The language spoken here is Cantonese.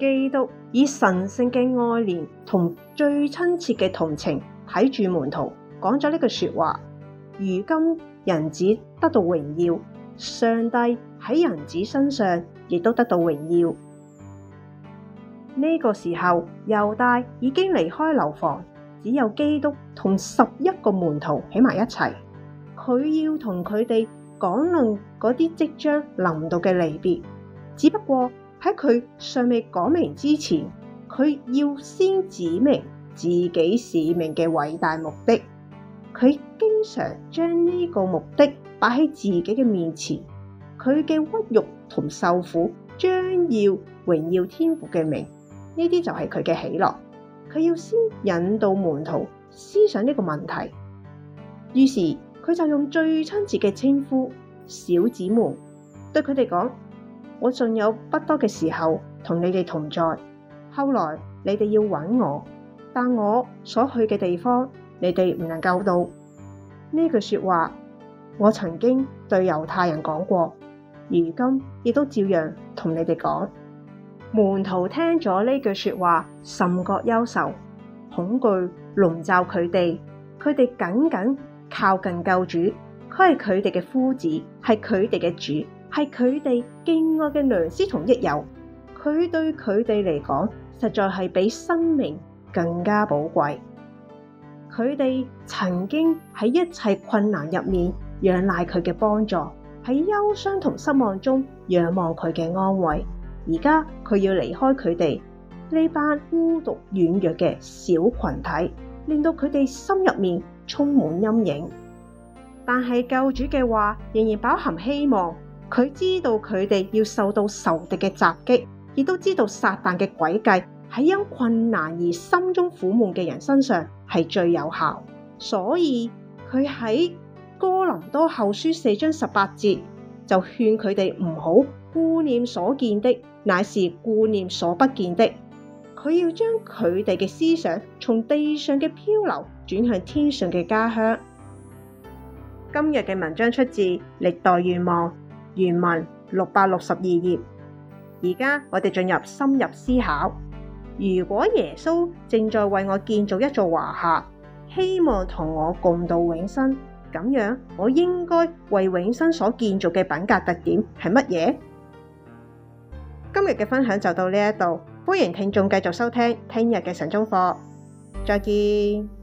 基督以神聖嘅愛憐同最親切嘅同情睇住門徒，講咗呢句說話。如今人子得到榮耀，上帝喺人子身上亦都得到榮耀。呢個時候，猶大已經離開樓房，只有基督同十一個門徒喺埋一齊。佢要同佢哋講論嗰啲即將臨到嘅離別，只不過。喺佢尚未講明之前，佢要先指明自己使命嘅偉大目的。佢經常將呢個目的擺喺自己嘅面前。佢嘅屈辱同受苦，將要榮耀天父嘅名。呢啲就係佢嘅喜樂。佢要先引導門徒思想呢個問題。於是佢就用最親切嘅稱呼，小子們，對佢哋講。我仲有不多嘅時候同你哋同在，後來你哋要揾我，但我所去嘅地方你哋唔能夠到。呢句說話我曾經對猶太人講過，如今亦都照樣同你哋講。門徒聽咗呢句說話，甚覺憂愁，恐懼籠罩佢哋，佢哋緊緊靠近救主，佢係佢哋嘅夫子，係佢哋嘅主。係佢哋敬愛嘅良師同益友，佢對佢哋嚟講實在係比生命更加寶貴。佢哋曾經喺一切困難入面仰賴佢嘅幫助，喺憂傷同失望中仰望佢嘅安慰。而家佢要離開佢哋呢班孤獨軟弱嘅小群體，令到佢哋心入面充滿陰影。但係救主嘅話仍然飽含希望。佢知道佢哋要受到仇敵嘅襲擊，亦都知道撒但嘅詭計喺因困難而心中苦悶嘅人身上係最有效，所以佢喺哥林多後書四章十八節就勸佢哋唔好顧念所見的，乃是顧念所不見的。佢要將佢哋嘅思想從地上嘅漂流，轉向天上嘅家鄉。今日嘅文章出自歷代願望。原文六百六十二頁，而家我哋進入深入思考。如果耶穌正在為我建造一座華夏，希望同我共度永生，咁樣我應該為永生所建造嘅品格特點係乜嘢？今日嘅分享就到呢一度，歡迎聽眾繼續收聽聽日嘅神中課，再見。